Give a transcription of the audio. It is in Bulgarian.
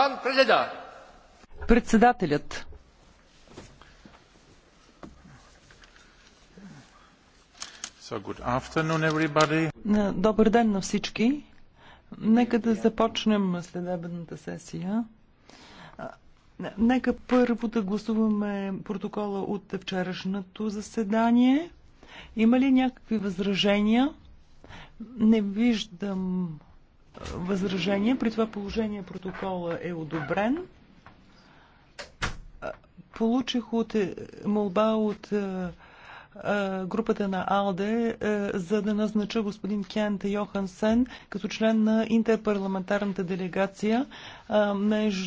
Пан Председателят. So good afternoon, everybody. Добър ден на всички. Нека да започнем следебната сесия. Нека първо да гласуваме протокола от вчерашното заседание. Има ли някакви възражения? Не виждам възражения. При това положение протокола е одобрен. Получих от е, молба от е, е, групата на АЛДЕ, за да назнача господин Кент Йохансен като член на интерпарламентарната делегация между